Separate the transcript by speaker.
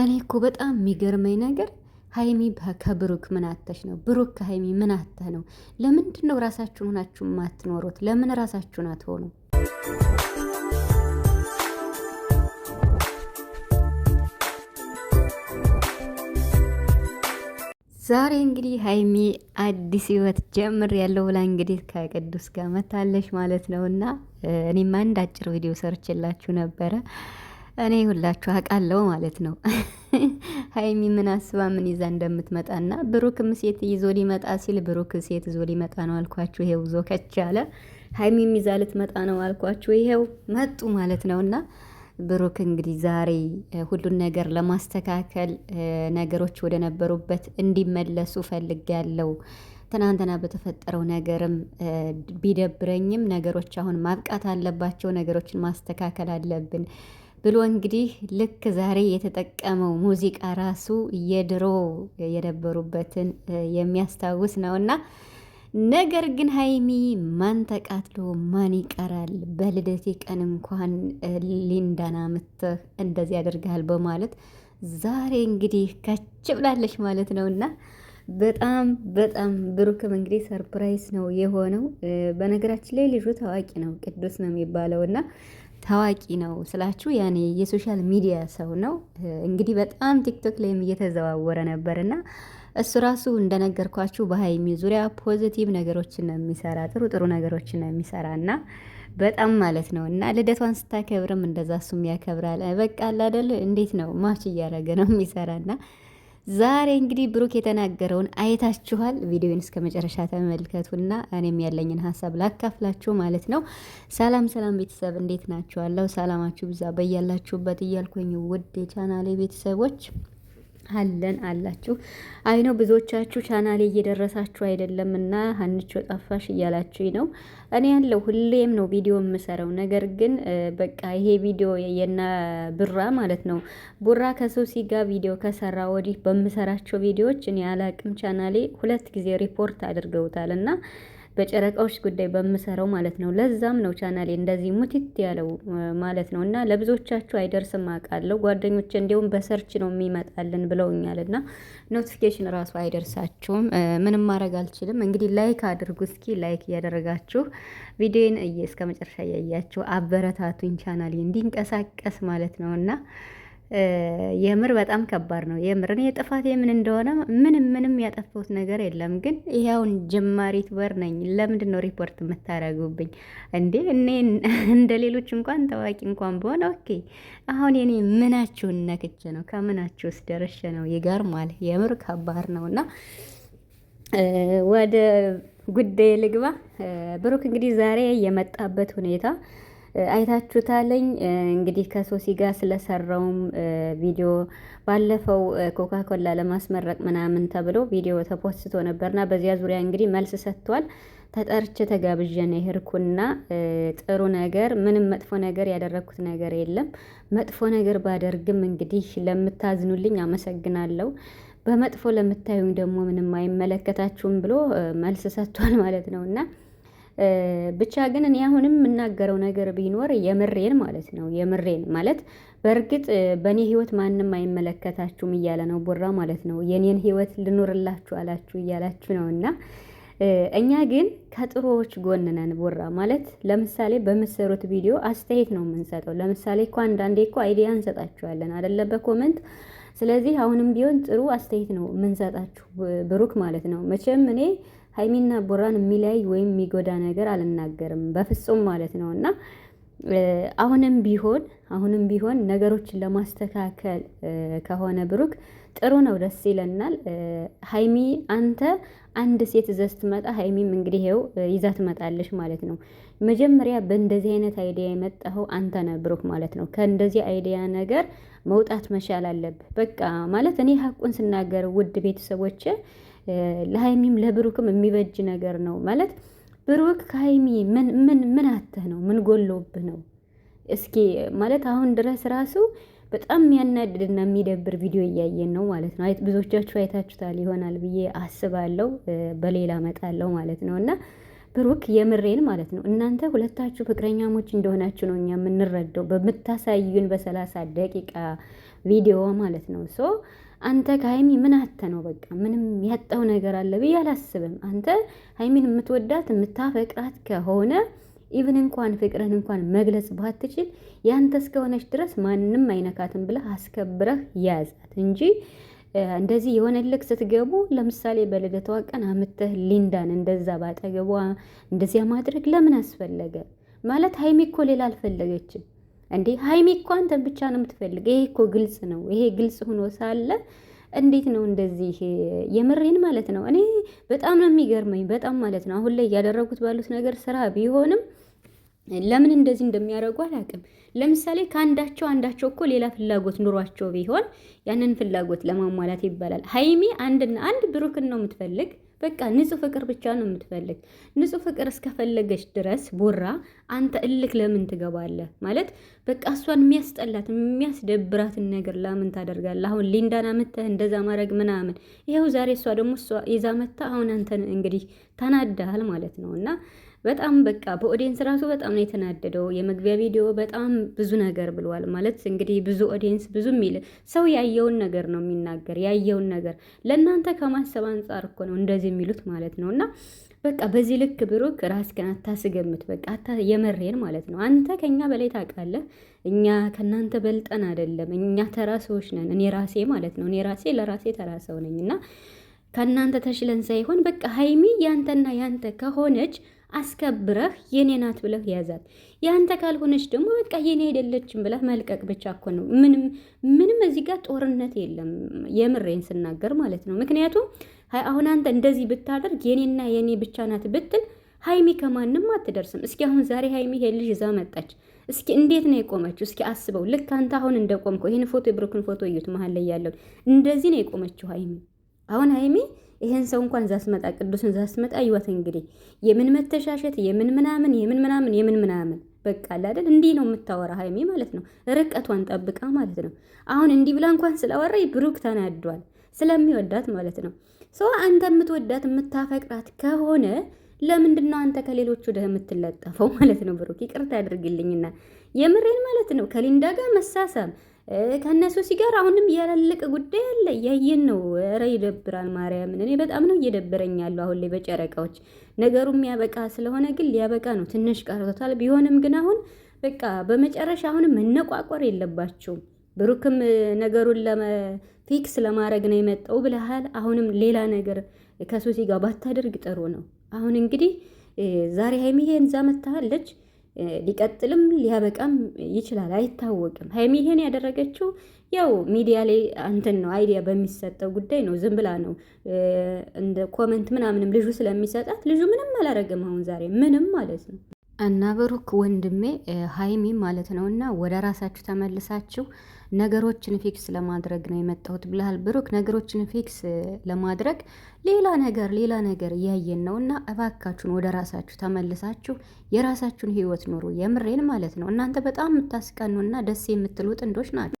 Speaker 1: እኔ እኮ በጣም የሚገርመኝ ነገር ሀይሚ ከብሩክ ምን አተሽ ነው? ብሩክ ከሀይሚ ምን ነው? ለምንድን ነው ራሳችሁን ሆናችሁ ማትኖሩት? ለምን ራሳችሁን አትሆኑ? ዛሬ እንግዲህ ሀይሚ አዲስ ህይወት ጀምር ያለው ብላ እንግዲህ ከቅዱስ ጋር መታለች ማለት ነው እና እኔም አንድ አጭር ቪዲዮ ሰርችላችሁ ነበረ እኔ ሁላችሁ አውቃለሁ ማለት ነው። ሀይሚ ምን አስባ ምን ይዛ እንደምትመጣና ብሩክም ሴት ይዞ ሊመጣ ሲል ብሩክ ሴት ይዞ ሊመጣ ነው አልኳችሁ። ይሄው ዞ አለ። ሀይሚ ይዛ ልትመጣ ነው አልኳችሁ። ይሄው መጡ ማለት እና ብሩክ እንግዲህ ዛሬ ሁሉን ነገር ለማስተካከል ነገሮች ወደ ነበሩበት እንዲመለሱ ፈልጌያለሁ። ትናንትና በተፈጠረው ነገርም ቢደብረኝም ነገሮች አሁን ማብቃት አለባቸው። ነገሮችን ማስተካከል አለብን። ብሎ እንግዲህ ልክ ዛሬ የተጠቀመው ሙዚቃ ራሱ የድሮ የነበሩበትን የሚያስታውስ ነው እና ነገር ግን ሀይሚ ማን ተቃትሎ ማን ይቀራል? በልደቴ ቀን እንኳን ሊንዳና ምትህ እንደዚህ ያደርግሃል በማለት ዛሬ እንግዲህ ከች ብላለች ማለት ነው እና በጣም በጣም ብሩክም እንግዲህ ሰርፕራይዝ ነው የሆነው። በነገራችን ላይ ልጁ ታዋቂ ነው ቅዱስ ነው የሚባለው እና ታዋቂ ነው ስላችሁ ያኔ የሶሻል ሚዲያ ሰው ነው። እንግዲህ በጣም ቲክቶክ ላይም እየተዘዋወረ ነበር እና እሱ ራሱ እንደነገርኳችሁ በሀይሚ ዙሪያ ፖዚቲቭ ነገሮችን ነው የሚሰራ፣ ጥሩ ጥሩ ነገሮችን ነው የሚሰራ እና በጣም ማለት ነው እና ልደቷን ስታከብርም እንደዛ እሱም ያከብራል። በቃ አላደል እንዴት ነው ማች እያደረገ ነው የሚሰራ እና ዛሬ እንግዲህ ብሩክ የተናገረውን አይታችኋል። ቪዲዮን እስከ መጨረሻ ተመልከቱና እኔም ያለኝን ሀሳብ ላካፍላችሁ ማለት ነው። ሰላም ሰላም ቤተሰብ እንዴት ናችኋለሁ? ሰላማችሁ ብዛ በያላችሁበት እያልኩኝ ውድ የቻናሌ ቤተሰቦች አለን አላችሁ። አይ ነው ብዙዎቻችሁ ቻናሌ እየደረሳችሁ አይደለም እና ሀንቾ ጠፋሽ እያላችሁ ነው። እኔ ያለው ሁሌም ነው ቪዲዮ የምሰራው። ነገር ግን በቃ ይሄ ቪዲዮ የና ብራ ማለት ነው ቡራ ከሶሲ ጋር ቪዲዮ ከሰራ ወዲህ በምሰራቸው ቪዲዮዎች እኔ አላቅም ቻናሌ ሁለት ጊዜ ሪፖርት አድርገውታል እና በጨረቃዎች ጉዳይ በምሰራው ማለት ነው። ለዛም ነው ቻናሌ እንደዚህ ሙቲት ያለው ማለት ነው። እና ለብዙዎቻችሁ አይደርስም አውቃለሁ። ጓደኞች እንዲሁም በሰርች ነው የሚመጣልን ብለውኛል። እና ኖቲፊኬሽን ራሱ አይደርሳችሁም። ምንም ማድረግ አልችልም። እንግዲህ ላይክ አድርጉ እስኪ ላይክ እያደረጋችሁ ቪዲዮን እየ እስከ መጨረሻ እያያችሁ አበረታቱኝ ቻናሌ እንዲንቀሳቀስ ማለት ነው እና የምር በጣም ከባድ ነው። የምር እኔ ጥፋቴ ምን እንደሆነ ምንም ምንም ያጠፋሁት ነገር የለም። ግን ይኸውን ጀማሪ ዩቱበር ነኝ። ለምንድን ነው ሪፖርት የምታደርጉብኝ እንዴ? እኔ እንደ ሌሎች እንኳን ታዋቂ እንኳን በሆነ ኦኬ። አሁን የኔ ምናችሁን ነክቼ ነው? ከምናችሁስ ደረሸ ነው? ይገርማል። የምር ከባድ ነው እና ወደ ጉዳይ ልግባ። ብሩክ እንግዲህ ዛሬ የመጣበት ሁኔታ አይታችሁታለኝ። እንግዲህ ከሶሲ ጋር ስለሰራውም ቪዲዮ ባለፈው ኮካኮላ ለማስመረቅ ምናምን ተብሎ ቪዲዮ ተፖስቶ ነበርና በዚያ ዙሪያ እንግዲህ መልስ ሰጥቷል። ተጠርቼ ተጋብዤ የሄድኩና ጥሩ ነገር ምንም መጥፎ ነገር ያደረግኩት ነገር የለም። መጥፎ ነገር ባደርግም እንግዲህ ለምታዝኑልኝ አመሰግናለሁ። በመጥፎ ለምታዩኝ ደግሞ ምንም አይመለከታችሁም ብሎ መልስ ሰጥቷል ማለት ነው እና ብቻ ግን እኔ አሁንም የምናገረው ነገር ቢኖር የምሬን ማለት ነው። የምሬን ማለት በእርግጥ በእኔ ህይወት ማንም አይመለከታችሁም እያለ ነው ቦራ ማለት ነው። የኔን ህይወት ልኖርላችሁ አላችሁ እያላችሁ ነው እና እኛ ግን ከጥሩዎች ጎን ነን። ማለት ለምሳሌ በምትሰሩት ቪዲዮ አስተያየት ነው የምንሰጠው። ለምሳሌ እኮ አንዳንዴ እኮ አይዲያ እንሰጣችኋለን አይደለ በኮመንት ስለዚህ አሁንም ቢሆን ጥሩ አስተያየት ነው የምንሰጣችሁ ብሩክ ማለት ነው። መቼም እኔ ሀይሚና ቦራን የሚለያይ ወይም የሚጎዳ ነገር አልናገርም በፍጹም ማለት ነው እና አሁንም ቢሆን አሁንም ቢሆን ነገሮችን ለማስተካከል ከሆነ ብሩክ ጥሩ ነው፣ ደስ ይለናል። ሀይሚ አንተ አንድ ሴት ይዘህ ስትመጣ ሀይሚም እንግዲህ ይኸው ይዛ ትመጣለች ማለት ነው። መጀመሪያ በእንደዚህ አይነት አይዲያ የመጣኸው አንተ ነህ ብሩክ ማለት ነው። ከእንደዚህ አይዲያ ነገር መውጣት መቻል አለብህ። በቃ ማለት እኔ ሀቁን ስናገር ውድ ቤተሰቦች ለሀይሚም ለብሩክም የሚበጅ ነገር ነው ማለት ብሩክ ከሀይሚ ምን ምን ምን አተህ ነው? ምን ጎሎብህ ነው? እስኪ ማለት አሁን ድረስ ራሱ በጣም የሚያናድድና የሚደብር ቪዲዮ እያየን ነው ማለት ነው። ብዙዎቻችሁ አይታችሁታል ይሆናል ብዬ አስባለሁ። በሌላ መጣለው ማለት ነው እና ብሩክ የምሬን ማለት ነው። እናንተ ሁለታችሁ ፍቅረኛሞች እንደሆናችሁ ነው እኛ የምንረዳው በምታሳዩን በሰላሳ ደቂቃ ቪዲዮ ማለት ነው ሶ አንተ ከሀይሚ ምን አተ ነው? በቃ ምንም ያጣው ነገር አለ ብዬ አላስብም። አንተ ሀይሚን የምትወዳት የምታፈቅራት ከሆነ ኢቭን እንኳን ፍቅርን እንኳን መግለጽ ባትችል ያንተ እስከሆነች ድረስ ማንም አይነካትም ብለህ አስከብረህ ያዛት እንጂ እንደዚህ የሆነ ልክ ስትገቡ ለምሳሌ በልደቷ ቀን አምተህ ሊንዳን እንደዛ ባጠገቧ እንደዚያ ማድረግ ለምን አስፈለገ? ማለት ሀይሚ እኮ ሌላ አልፈለገችም። እንዴ ሀይሚ እኮ አንተን ብቻ ነው የምትፈልግ። ይሄ እኮ ግልጽ ነው። ይሄ ግልጽ ሆኖ ሳለ እንዴት ነው እንደዚህ የምሬን ማለት ነው። እኔ በጣም ነው የሚገርመኝ፣ በጣም ማለት ነው። አሁን ላይ እያደረጉት ባሉት ነገር ስራ ቢሆንም ለምን እንደዚህ እንደሚያደርጉ አላውቅም። ለምሳሌ ከአንዳቸው አንዳቸው እኮ ሌላ ፍላጎት ኑሯቸው ቢሆን ያንን ፍላጎት ለማሟላት ይባላል። ሀይሚ አንድና አንድ ብሩክን ነው የምትፈልግ በቃ ንጹህ ፍቅር ብቻ ነው የምትፈልግ። ንጹህ ፍቅር እስከፈለገች ድረስ ቦራ አንተ እልክ ለምን ትገባለህ? ማለት በቃ እሷን የሚያስጠላት የሚያስደብራትን ነገር ለምን ታደርጋለህ? አሁን ሊንዳን አምጥተህ እንደዛ ማድረግ ምናምን። ይኸው ዛሬ እሷ ደግሞ እሷ ይዛ መታ። አሁን አንተን እንግዲህ ተናዳሃል ማለት ነው እና በጣም በቃ በኦዲየንስ ራሱ በጣም ነው የተናደደው። የመግቢያ ቪዲዮ በጣም ብዙ ነገር ብሏል ማለት እንግዲህ ብዙ ኦዲየንስ ብዙ የሚል ሰው ያየውን ነገር ነው የሚናገር። ያየውን ነገር ለእናንተ ከማሰብ አንጻር እኮ ነው እንደዚህ የሚሉት ማለት ነው እና በቃ በዚህ ልክ ብሩክ ራስህን አታስገምት። በቃ አታ የመሬን ማለት ነው። አንተ ከኛ በላይ ታውቃለህ። እኛ ከናንተ በልጠን አይደለም። እኛ ተራ ሰዎች ነን። እኔ ራሴ ማለት ነው እኔ ራሴ ለራሴ ተራ ሰው ነኝ እና ከእናንተ ተሽለን ሳይሆን በቃ ሀይሚ ያንተና ያንተ ከሆነች አስከብረህ የኔ ናት ብለህ ያዛት። ያንተ ካልሆነች ደግሞ በቃ የኔ አይደለችም ብለህ መልቀቅ ብቻ እኮ ነው። ምንም ምንም እዚህ ጋር ጦርነት የለም። የምሬን ስናገር ማለት ነው። ምክንያቱም አሁን አንተ እንደዚህ ብታደርግ የኔና የኔ ብቻ ናት ብትል ሀይሚ ከማንም አትደርስም። እስኪ አሁን ዛሬ ሀይሚ ይሄ ልጅ ይዛ መጣች። እስኪ እንዴት ነው የቆመችው? እስኪ አስበው። ልክ አንተ አሁን እንደቆምከው ይህን ፎቶ የብሩክን ፎቶ እዩት፣ መሀል ላይ ያለው እንደዚህ ነው የቆመችው ሀይሚ አሁን ሀይሚ ይሄን ሰው እንኳን ዛስመጣ ቅዱስን ዛስመጣ ይወት እንግዲህ የምን መተሻሸት የምን ምናምን የምን ምናምን የምን ምናምን በቃ አለ አይደል? እንዲህ ነው የምታወራ ሀይሚ ማለት ነው፣ ርቀቷን ጠብቃ ማለት ነው። አሁን እንዲህ ብላ እንኳን ስላወራ ብሩክ ተናዷል፣ ስለሚወዳት ማለት ነው። ሰው አንተ የምትወዳት የምታፈቅራት ከሆነ ለምንድን ነው አንተ ከሌሎቹ ደህ የምትለጠፈው ማለት ነው? ብሩክ ይቅርታ ያደርግልኝና የምሬን ማለት ነው ከሊንዳ ጋር መሳሳም ከእነሱ ሲጋር አሁንም ያላለቀ ጉዳይ አለ። ያየን ነው። ኧረ ይደብራል። ማርያምን እኔ በጣም ነው እየደበረኝ ያለው አሁን ላይ በጨረቃዎች ነገሩ የሚያበቃ ስለሆነ ግን ሊያበቃ ነው። ትንሽ ቀርቶታል። ቢሆንም ግን አሁን በቃ በመጨረሻ አሁንም መነቋቆር የለባቸውም። ብሩክም ነገሩን ፊክስ ለማድረግ ነው የመጣው ብለሃል። አሁንም ሌላ ነገር ከሱሲ ጋር ባታደርግ ጥሩ ነው። አሁን እንግዲህ ዛሬ ሀይሚዬ እንዛ መታሃለች ሊቀጥልም ሊያበቃም ይችላል፣ አይታወቅም። ሀይሚ ይሄን ያደረገችው ያው ሚዲያ ላይ እንትን ነው አይዲያ በሚሰጠው ጉዳይ ነው። ዝም ብላ ነው እንደ ኮመንት ምናምንም ልጁ ስለሚሰጣት ልጁ ምንም አላረገም። አሁን ዛሬ ምንም ማለት ነው
Speaker 2: እና ብሩክ ወንድሜ ሀይሚ ማለት ነው። እና ወደ ራሳችሁ ተመልሳችሁ ነገሮችን ፊክስ ለማድረግ ነው የመጣሁት ብለሃል ብሩክ። ነገሮችን ፊክስ ለማድረግ ሌላ ነገር ሌላ ነገር እያየን ነው። እና እባካችሁን ወደ ራሳችሁ ተመልሳችሁ የራሳችሁን ህይወት ኑሩ። የምሬን ማለት ነው። እናንተ በጣም የምታስቀኑ እና ደስ የምትሉ ጥንዶች ናቸው።